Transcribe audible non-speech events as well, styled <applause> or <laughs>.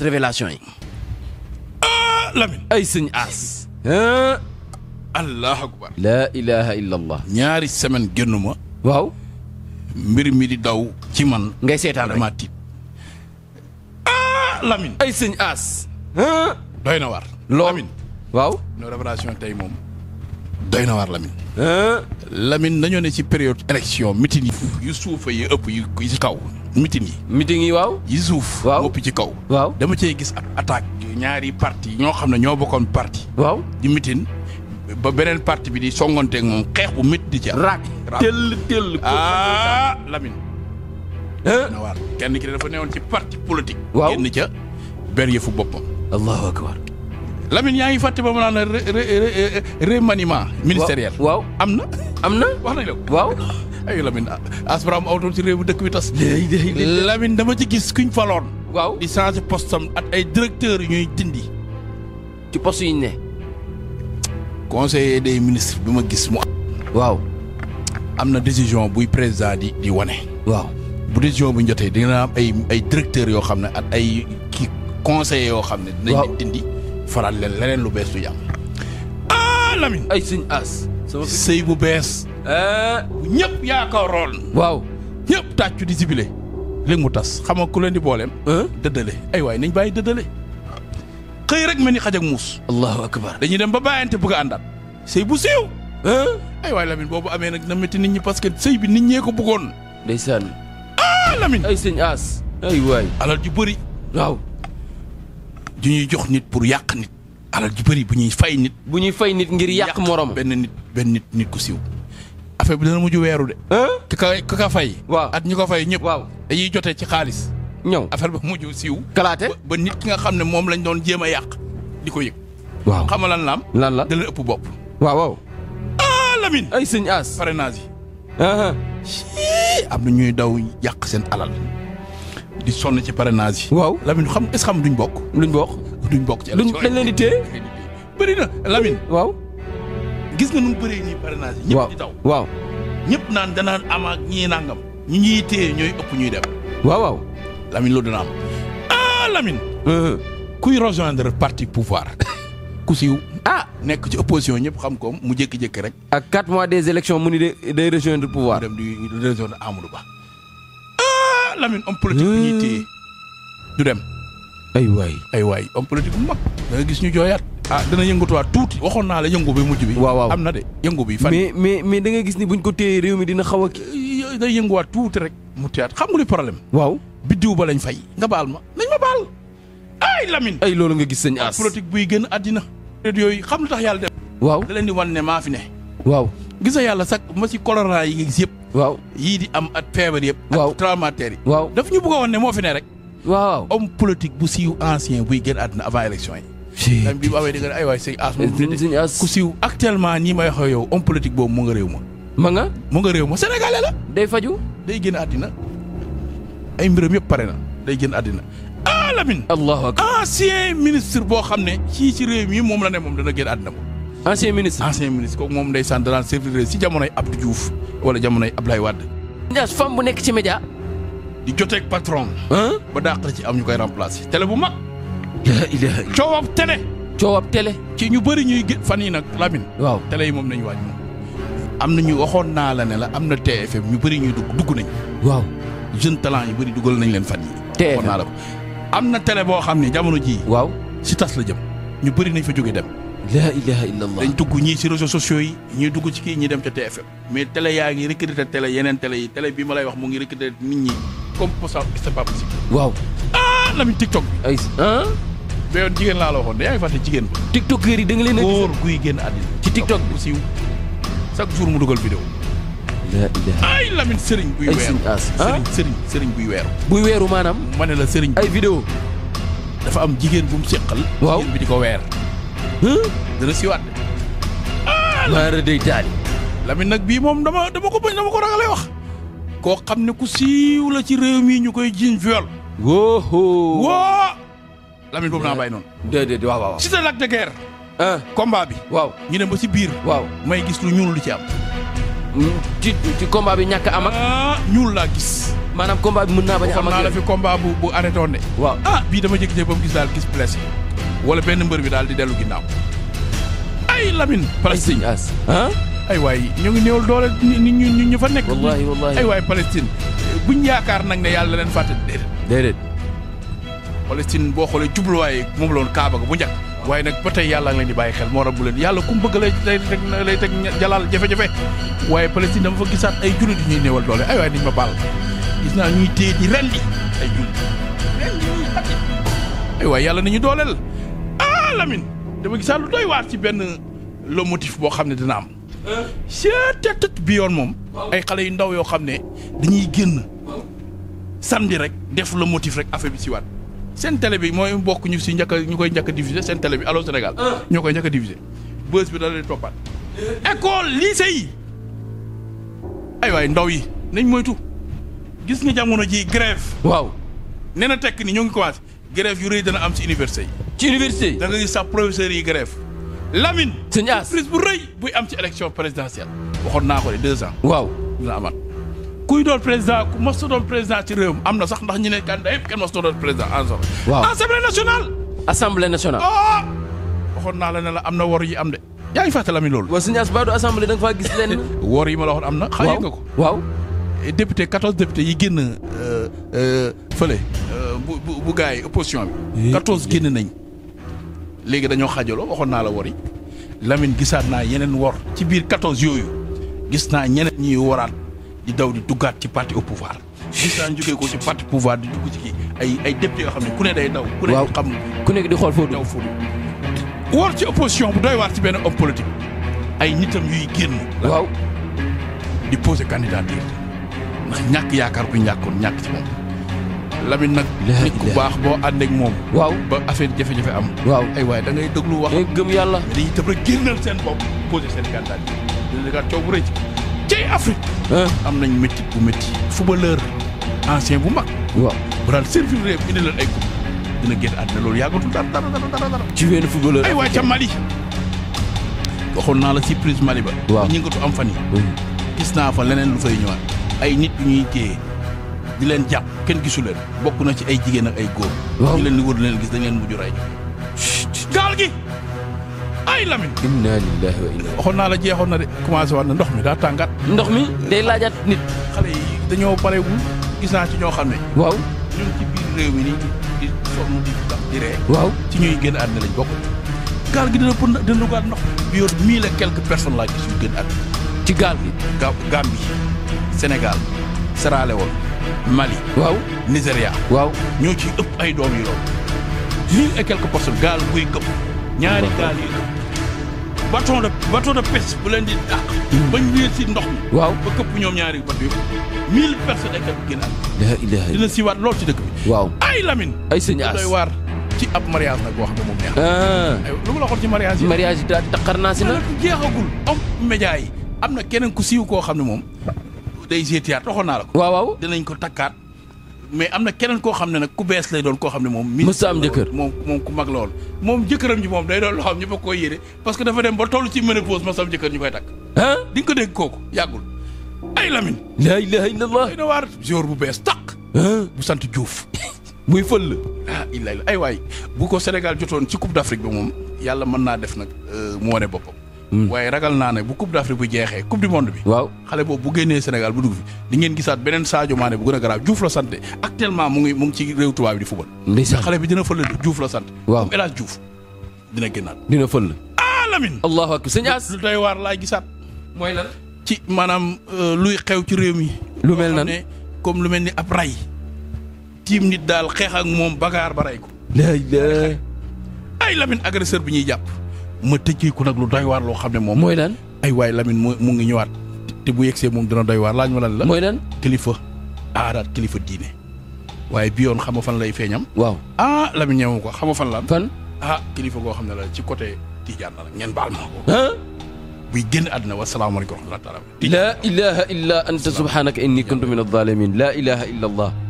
révélation yi. ah ay sëñ As. allahu akbar. laa ilaha illallah. ñaari semaine génn ma. waaw. mbir mi di daw ci man. ngay seetaan rek ma tiit. ah ay sëñ As. doy na waar. loo Lamine. waaw. no révélation tey moom. doy na waar Lamine. Lamine dañoo ne ci période élection mitin yu suufa yi ëpp yu ci kaw. meeting yi. meeting yi waaw. yi suuf. waaw moo ci kaw. waaw dama cee gis ab attaque. ñaari parti ñoo xam ne ñoo bokkoon parti. waaw di meeting ba beneen parti bi di songanteeg moom xeex bu métti di ci am. raak tell tell. ah kenn ki dafa newoon ci parti politique. waaw génn ca ber yëfu boppam. allahu akbar. Lamine yaa ngi fàtte ba mu naan remaniement ministériel. waaw am na. am na wax nañ la waaw. ay Lamine aspiraam awtoon ci réew mi dëkk bi tas. Lamine dama ci gis kuñ faloon. waaw di changer postam at ay directeurs yu ñuy dindi. ci poste yi ne. conseiller des ministres bi ma gis mu. waaw. am na décision buy président di di wane. waaw bu décision bu jotee dina am ay ay directeurs yoo xam ne at ay kii conseillers yoo xam ne. waaw dinañ dindi faral leen leneen lu bees du am. ah Lamine. ay suñ as. sëy bu bees. ko eh, yaakaaroon waaw ñepp taccu di sibile léegi mu tass xam nga leen di booleem dëddale ay way nañ baye dëddale xey rek meni xajak mus allahu akbar dañuy dem ba bayante bëgg a sey bu bu siiw ay way lamine bobu amé nak na metti nit ñi parce que sey bi nit ñi ko bëggoon ndeysaan ah lamine ay sëñ as ay way alal ju bari waaw ju ñuy jox nit pour yaq nit alal ju bari bu ñuy fay nit bu ñuy fay nit ngir yaq morom ben nit ben nit nit ku affaire bi dana mujj weeru de. ku ka ka fay. waaw at ñi ko fay ñëpp. waaw dañuy jotee ci xaalis. ñëw affaire ba mujj siiw. kalaate ba nit ki nga xam ne moom lañ doon jéem a yàq di ko yëg. waaw xam lan la lan la dana ëpp bopp. waaw waaw. ah Lamine. ay sëñ as parrainage yi. Uh-huh. am na ñuy daw yàq seen alal. di sonn ci parrainage yi. waaw lamin xam est xam duñ bokk. luñ bokk. duñ bokk ci élection dañ leen di téye. waaw. gis nga nu mu nii ñuy parrainage yi. ñëpp di daw waaw ñëpp naan danaan am ak ñii nangam. ñi ñuy téye ñooy ëpp ñuy dem. waaw waaw. Lamine loolu dana am ah Lamine. Uh-huh. kuy rejoindre parti pouvoir <laughs> ku siiw. ah nekk ci opposition ñëpp xam ko mu jékki-jékki rek. ak 4 mois des élections mu ni de day rejoindre pouvoir. dem di rejoindre Amadou Ba. ah Lamine homme politique bi ñuy uh-huh. téye du dem. ay waay ay waay homme politique bu mag da gis ñu jooyaat. ah dana yëngatuwaat tuuti waxoon naa la yëngu bi mujj bi. waaw waaw am na de yëngu bi. fan mais mais mais da nga gis ni buñ ko téye réew mi dina xaw a. day yënguwaat tuuti rek mu teyaat xam nga li problème. waaw biddiw ba lañ fay. nga baal ma nañ ma ay loolu nga gis sëñ As. buy gën àddina. yooyu xam lu tax yàlla def. waaw da leen di wan ne maa fi ne. waaw gis a yàlla sax ma si corona yi gis yëpp. waaw yii di am at feebar yëpp. waaw ak yi. waaw daf ñu bëgg a wan moo fi ne rek. waaw om politique bu siiw ancien buy gën àddina avant élection yi bi bu amee di nga ne ay waay sëñ As sëñ As ku siiw actuellement nii may wax yow homme politique boobu mu nga réew ma ma nga mu nga réew ma sénégalais la day faju day génn àddina ay mbiram yëpp pare na day génn àddina ah Lamine allahu akbar ancien ministre boo xam ne ci ci réew mi moom la ne moom dana génn àddina moom ancien ministre ancien ministre kooku moom ndeysaan danaan servir réew si jamonoy Abdou Diouf wala jamonoy Abdoulaye Wade femme bu nekk ci média di joteeg patron ba dàq la ci am ñu koy remplacer télé bu mag coowab télé coowab télé ci ñu bëri ñuy fan yi nag Lamine waaw télé yi moom nañu waañ moom am na ñu waxoon naa la ne la am na TFM ñu bëri ñuy dugg dugg nañ waaw jeune talent yi bëri dugal nañ leen fan yi waxoon naa la ko am na tele boo xam ne jamono jii waaw si tas la jëm ñu bëri nañ fa jóge dem la ilaha illallah dañ dugg ñii si réseaux sociaux yi ñuy dugg ci kii ñi dem ca TFM mais tele yaa ngi recruter télé yeneen télé yi tele bi ma lay wax mu ngi recruter nit ñi comme ça c'est pas possible Lamine TikTok bi. ay ah. mais yoon jigéen laa la waxoon de yaa ngi fàtte jigéen ba. tiktokeur yi da leen a gis bu siiw chaque jour buy weeru buy weeru. maanaam. ma ne la Serigne. ay vidéo dafa am jigéen bu mu seqal. waaw bi di ko weer. dana siiwaat de. ah Lamine day taali. Lamine nag bii moom dama dama ko bañ dama ko ragalee wax. koo xam ne ku siiw la ci réew mi ñu koy jiiñ viol. wóohoo wóo Lamine boobu naa bàyyi noonu déedéet waaw waaw Cité Lac de Guiers ah. combat bi waaw ñu dem ba si biir waaw may gis lu ñuul lu ci am hmm, ci ci combat bi ñàkk am ak ah, ñuul gis combat bi mën naa bañ a am ak la fi combat bu bu arrêté woon waaw ah bii dama jékki-jékki ba mu gis daal gis blessé wala benn mbër bi daal di dellu ginnaaw ay Lamine Palestine as ah ay waay ñu ngi néewal doole nit ñu ñu fa nekk wallahi wallahi ay waay Palestine buñ yaakaar nag ne yàlla leen dedet palestine bo xolé djublu moom mom woon kaaba ga bu njëkk waaye nag ba tey ngi leen di baye xel mo rab leen yàlla bëgg lay lay tek lay tek jalal jafe-jafe waaye palestine dama fa gissat ay jullit ñuy neewal doole ay way niñ ma bal gis na ñuy téye di rendi ay jullit rendi ñuy xati ay way yalla niñu dolel alamin ah, dama gissal lu doy waar ci ben lo motif bo xamne dina am seetet bi yoon mom ay xalé yu ndaw yo xamne dañuy genn samedi rek def la motif rek affaire bi si waat seen télé bi mooy bokk ñu si njëkk ñu koy njëkk a diffuser seen télé bi Allô Sénégal. Ah. ñoo koy njëkk a diffuser bës bi da leen toppaat. Eh. école lycée yi ay waay ndaw yi nañ moytu gis nga jamono ji grève waaw nee na tekk ni ñoo ngi commencé grève yu rëy dana am si université yi. ci université yi da nga gis sax professeurs yi grève Lamine. sëñ As surprise bu rëy buy am ci élection présidentielle waxoon naa ko de deux ans. waaw dina amaat. kuy doon président ku mos doon président ci réewam am na sax ndax ñu ne candidat yëpp kenn mos doon président en sorte. waaw assemblée nationale. assemblée nationale. oh waxoon naa la ne la am na wor yi am de. yaa ngi fàttali ami loolu. waaw sëñ As Badou assemblée da nga faa gis lenn. <laughs> wor yi ma la waxoon am na. waaw xayee nga ko waaw. député 14 député yi génn euh, euh, fële. Euh, bu bu bu yi opposition bi. 14 génn nañ. léegi dañoo xaajaloo waxoon naa la wor yi. Lamine gisaat yeneen wor ci biir 14 yooyu gis naa ñeneen ñuy woraat. di daw di duggaat ci parti au pouvoir. Bougane jógee ko ci parti pouvoir di dugg ci kii ay ay yoo xam ne ku ne day daw. ku ne xam ku nekk di xool foofu daw foofu. wóor ci opposition bu doy waar ci benn homme politique ay nitam yuy génn. waaw di poser candidature ndax ñàkk yaakaar bu ñàkkoon ñàkk ci moom. Lamine nag. nit ku baax boo ànd ak moom. waaw ba affaire jafe-jafe am. waaw ay waaye da ngay déglu wax. day gëm yàlla. dañuy tëb rek génnal seen bopp poser seen candidature dina leen coow bu rëcc. ci Afrique. am nañ métti bu métti footballeur ancien bu mag. waaw bu daan servir réew indi leen ay coupe dina génn àddina loolu yàggatul dara dara dara dara. ci benn footballeur ay waa ca Mali. waxoon naa la si surprise Mali ba. waaw ñi nga ko am fan gis naa fa leneen lu fay ñëwaat. ay nit yu ñuy téye di leen jàpp kenn gisu bokk na ci ay jigéen ak ay góor. waaw ñu leen di wër leen gis dañ leen mujj raay. gaal gi. ay Lamine. inna lillahi wa inna waxoon naa la jeexoon na de commencé waat na ndox mi daa tàngaat. ndox mi day laajaat nit. xale yi dañoo pareegul gis naa ci ñoo xam ne. waaw ñu ngi ci biir réew mi nii di sonn di tax di ree. waaw ci ñuy génn àddina lañ bokk. gaal gi dina pour dina dugaat ndox bi yor mille et quelques personnes laa gis génn àddina. ci gaal gi. Gambie Sénégal Sierra Leone Mali. waaw Nigéria. waaw ñoo ci ëpp ay doom yu lool. mille et quelques personnes bateau de bateau de pêche bu leen di dàq. Hmm. bañ wéer si ndox waaw ba këpp ñoom ñaari bateau yëpp. mille personnes ay kat gën a. dina siiwaat lool ci dëkk bi. waaw ay Lamine. ay sëñ As doy waar ci ab mariage boo xam ne moom neex na. Ah. lu ma la waxoon ci mariage yi. daal taxar naa si na. jeexagul am média yi. am na keneen ku siiw koo xam ne moom. day jeexital waxoon naa la ko. waaw waaw dinañ ko takkaat. mais am na keneen koo xam ne nag ku bees lay doon koo xam ne moom. mësta am jëkkër moom moom ku mag la woon. moom jëkkëram ji moom day doon loo xam ñu ba koy yére parce que dafa dem ba toll ci ménopause mësta am jëkkër ñu koy takk. ah ko dégg kooku yàggul. ay lamin. la ilaha illallah. waar jour bu bees tàq. bu sant Diouf. <laughs> muy fël la. ah illah ay waay bu ko Sénégal jotoon ci Coupe d'Afrique bi moom yàlla mën naa def nag euh, mu wane boppam. Hmm. waaye ragal naa ne bu coupe d'Afrique bu jeexee coupe du monde bi. waaw xale boobu bu génnee Sénégal bu dugg fi di ngeen gisaat beneen Sadio Mané bu gën a garaaw Diouf la sant actuellement mu ngi mu ngi ci réew tubaab bi di fubal. ndeysaan xale bi dina fël Diouf la sant. waaw comme El Hadj Diouf dina génnaat. dina fël. ah Lamine. allahu akbar sëñ As lu doy waar laay gisaat. mooy lan ci maanaam euh, luy xew ci réew mi. lu mel na ne comme lu mel ni ab ray. tiim nit daal xeex ak moom bagaar ba ko. ay Lamine agresseur bi ñuy jàpp. ma tëjee ko nag lu doy waar loo xam ne moom. mooy lan ay waay Lamine mu mu ngi ñëwaat. te bu yegsee moom dina doy waar laaj ma lan la. mooy lan kilifa aada kilifa diine. waaye bi yoon xam fan lay feeñam. waaw ah Lamine ñëwu ko xama fan la. fan ah kilifa goo xam ne la ci côté Tijaan la ngeen baal ma ko. buy génn àdduna wa salaamu aleykum wa rahmatulah. laa ilaaha illa anta subhaanaka inni kuntu min adh-dhaalimiin ilaaha illa allah.